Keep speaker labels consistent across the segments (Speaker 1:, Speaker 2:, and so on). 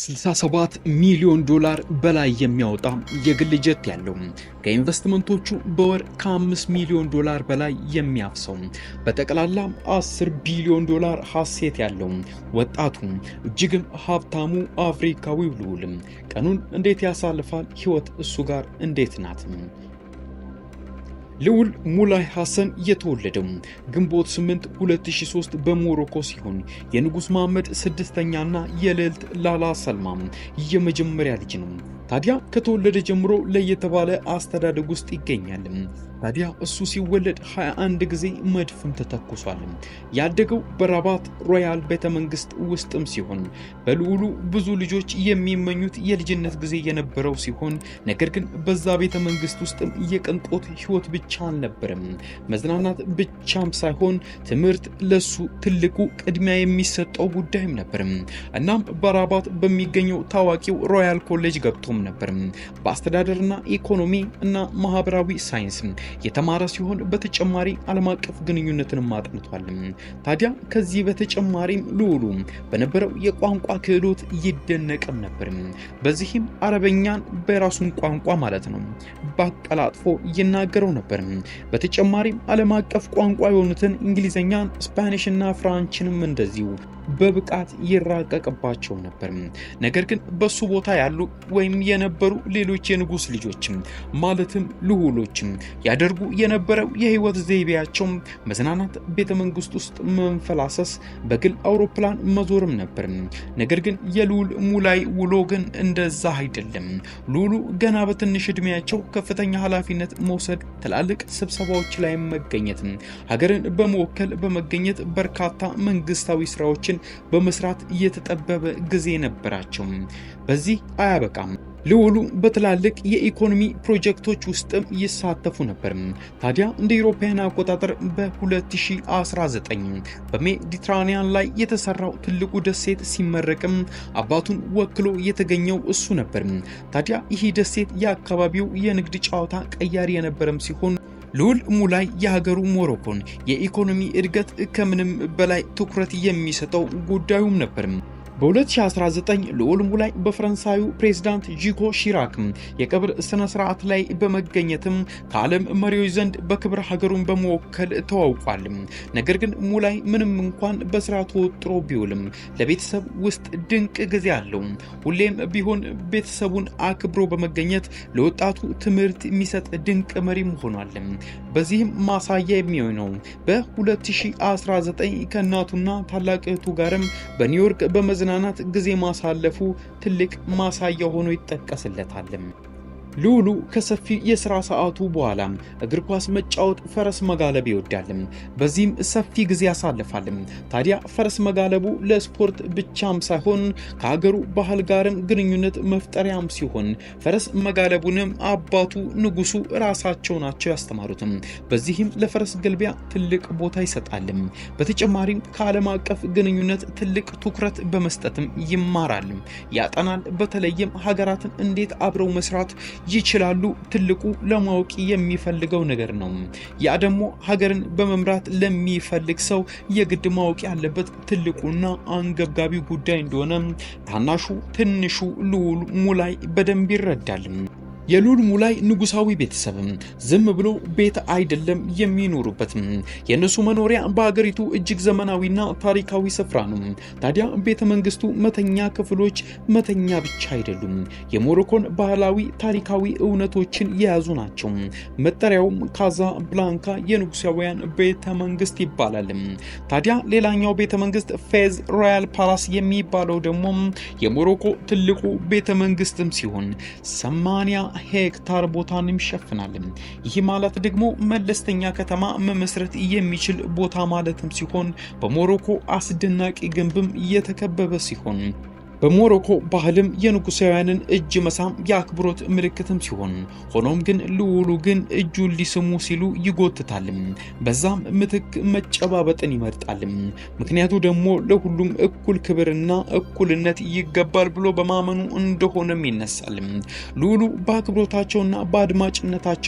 Speaker 1: 67 ሚሊዮን ዶላር በላይ የሚያወጣ የግል ጀት ያለው ከኢንቨስትመንቶቹ በወር ከ5 ሚሊዮን ዶላር በላይ የሚያፍሰው በጠቅላላ 10 ቢሊዮን ዶላር ሀሴት ያለው ወጣቱ እጅግም ሀብታሙ አፍሪካዊው ልዑል ቀኑን እንዴት ያሳልፋል? ህይወት እሱ ጋር እንዴት ናት? ልዑል ሙላይ ሐሰን የተወለደው ግንቦት 8 2003 በሞሮኮ ሲሆን የንጉሥ መሐመድ ስድስተኛና የልዕልት ላላ ሰልማ የመጀመሪያ ልጅ ነው። ታዲያ ከተወለደ ጀምሮ ለየተባለ አስተዳደግ ውስጥ ይገኛል። ታዲያ እሱ ሲወለድ 21 ጊዜ መድፍም ተተኩሷል። ያደገው በራባት ሮያል ቤተመንግስት ውስጥም ሲሆን በልዑሉ ብዙ ልጆች የሚመኙት የልጅነት ጊዜ የነበረው ሲሆን ነገር ግን በዛ ቤተመንግስት ውስጥም የቅንጦት ህይወት ብቻ አልነበረም። መዝናናት ብቻም ሳይሆን ትምህርት ለሱ ትልቁ ቅድሚያ የሚሰጠው ጉዳይም ነበር። እናም በራባት በሚገኘው ታዋቂው ሮያል ኮሌጅ ገብቶም ነበር በአስተዳደርና ኢኮኖሚ እና ማህበራዊ ሳይንስ የተማረ ሲሆን በተጨማሪ ዓለም አቀፍ ግንኙነትንም አጥንቷል። ታዲያ ከዚህ በተጨማሪም ልዑሉ በነበረው የቋንቋ ክህሎት ይደነቅም ነበር። በዚህም አረበኛን በራሱን ቋንቋ ማለት ነው ባቀላጥፎ ይናገረው ነበር። በተጨማሪም ዓለም አቀፍ ቋንቋ የሆኑትን እንግሊዝኛን፣ ስፓኒሽ እና ፍራንችንም እንደዚሁ በብቃት ይራቀቅባቸው ነበር። ነገር ግን በሱ ቦታ ያሉ ወይም የነበሩ ሌሎች የንጉስ ልጆችም ማለትም ልሁሎች ያደርጉ የነበረው የህይወት ዘይቤያቸው መዝናናት፣ ቤተ መንግስት ውስጥ መንፈላሰስ፣ በግል አውሮፕላን መዞርም ነበር። ነገር ግን የልዑል ሙላይ ውሎ ግን እንደዛ አይደለም። ልዑሉ ገና በትንሽ እድሜያቸው ከፍተኛ ኃላፊነት መውሰድ፣ ትላልቅ ስብሰባዎች ላይ መገኘት፣ ሀገርን በመወከል በመገኘት በርካታ መንግስታዊ ስራዎችን ስራዎችን በመስራት እየተጠበበ ጊዜ ነበራቸው። በዚህ አያበቃም። ልዑሉ በትላልቅ የኢኮኖሚ ፕሮጀክቶች ውስጥም ይሳተፉ ነበር። ታዲያ እንደ አውሮፓውያን አቆጣጠር በ2019 በሜዲትራኒያን ላይ የተሰራው ትልቁ ደሴት ሲመረቅም አባቱን ወክሎ የተገኘው እሱ ነበር። ታዲያ ይህ ደሴት የአካባቢው የንግድ ጨዋታ ቀያሪ የነበረም ሲሆን ልዑል ሙላይ የሀገሩ ሞሮኮን የኢኮኖሚ እድገት ከምንም በላይ ትኩረት የሚሰጠው ጉዳዩም ነበርም። በ2019 ልዑል ሙላይ በፈረንሳዩ ፕሬዝዳንት ጂኮ ሺራክ የቀብር ስነ ስርዓት ላይ በመገኘትም ከዓለም መሪዎች ዘንድ በክብር ሀገሩን በመወከል ተዋውቋል። ነገር ግን ሙላይ ምንም እንኳን በስራ ወጥሮ ቢውልም ለቤተሰብ ውስጥ ድንቅ ጊዜ አለው። ሁሌም ቢሆን ቤተሰቡን አክብሮ በመገኘት ለወጣቱ ትምህርት የሚሰጥ ድንቅ መሪም ሆኗል። በዚህም ማሳያ የሚሆነው በ2019 ከእናቱና ታላቅ እህቱ ጋርም በኒውዮርክ በመዝ ለመዝናናት ጊዜ ማሳለፉ ትልቅ ማሳያ ሆኖ ይጠቀስለታልም። ልዑሉ ከሰፊ የሥራ ሰዓቱ በኋላ እግር ኳስ መጫወት፣ ፈረስ መጋለብ ይወዳልም። በዚህም ሰፊ ጊዜ ያሳልፋልም። ታዲያ ፈረስ መጋለቡ ለስፖርት ብቻም ሳይሆን ከሀገሩ ባህል ጋርም ግንኙነት መፍጠሪያም ሲሆን ፈረስ መጋለቡንም አባቱ ንጉሱ ራሳቸው ናቸው ያስተማሩትም። በዚህም ለፈረስ ግልቢያ ትልቅ ቦታ ይሰጣልም። በተጨማሪም ከዓለም አቀፍ ግንኙነት ትልቅ ትኩረት በመስጠትም ይማራል፣ ያጠናል። በተለይም ሀገራትን እንዴት አብረው መስራት ይችላሉ። ትልቁ ለማወቅ የሚፈልገው ነገር ነው። ያ ደግሞ ሀገርን በመምራት ለሚፈልግ ሰው የግድ ማወቅ ያለበት ትልቁና አንገብጋቢ ጉዳይ እንደሆነ ታናሹ ትንሹ ልዑል ሙላይ በደንብ ይረዳል። የሉል ሙላይ ንጉሳዊ ቤተሰብም ዝም ብሎ ቤት አይደለም የሚኖሩበትም። የእነሱ መኖሪያ በሀገሪቱ እጅግ ዘመናዊና ታሪካዊ ስፍራ ነው። ታዲያ ቤተ መንግስቱ መተኛ ክፍሎች መተኛ ብቻ አይደሉም፣ የሞሮኮን ባህላዊ ታሪካዊ እውነቶችን የያዙ ናቸው። መጠሪያውም ካዛ ብላንካ የንጉሳውያን ቤተ መንግስት ይባላል። ታዲያ ሌላኛው ቤተ መንግስት ፌዝ ሮያል ፓላስ የሚባለው ደግሞ የሞሮኮ ትልቁ ቤተ መንግስትም ሲሆን ሰማንያ ሄክታር ቦታን ይሸፍናል። ይህ ማለት ደግሞ መለስተኛ ከተማ መመስረት የሚችል ቦታ ማለትም ሲሆን በሞሮኮ አስደናቂ ግንብም የተከበበ ሲሆን በሞሮኮ ባህልም የንጉሳውያንን እጅ መሳም የአክብሮት ምልክትም ሲሆን ሆኖም ግን ልዑሉ ግን እጁን ሊስሙ ሲሉ ይጎትታልም። በዛም ምትክ መጨባበጥን ይመርጣልም። ምክንያቱ ደግሞ ለሁሉም እኩል ክብርና እኩልነት ይገባል ብሎ በማመኑ እንደሆነም ይነሳልም። ልዑሉ በአክብሮታቸውና በአድማጭነታቸው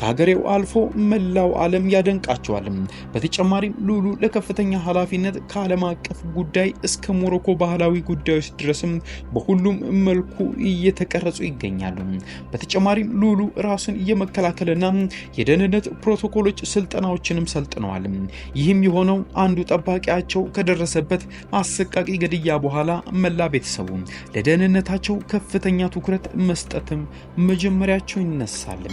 Speaker 1: ከሀገሬው አልፎ መላው ዓለም ያደንቃቸዋልም። በተጨማሪም ልዑሉ ለከፍተኛ ኃላፊነት ከዓለም አቀፍ ጉዳይ እስከ ሞሮኮ ባህላዊ ጉዳዮች ድረስ ሞገስም በሁሉም መልኩ እየተቀረጹ ይገኛሉ። በተጨማሪም ሉሉ ራሱን የመከላከልና የደህንነት ፕሮቶኮሎች ስልጠናዎችንም ሰልጥነዋል። ይህም የሆነው አንዱ ጠባቂያቸው ከደረሰበት አሰቃቂ ግድያ በኋላ መላ ቤተሰቡ ለደህንነታቸው ከፍተኛ ትኩረት መስጠትም መጀመሪያቸው ይነሳል።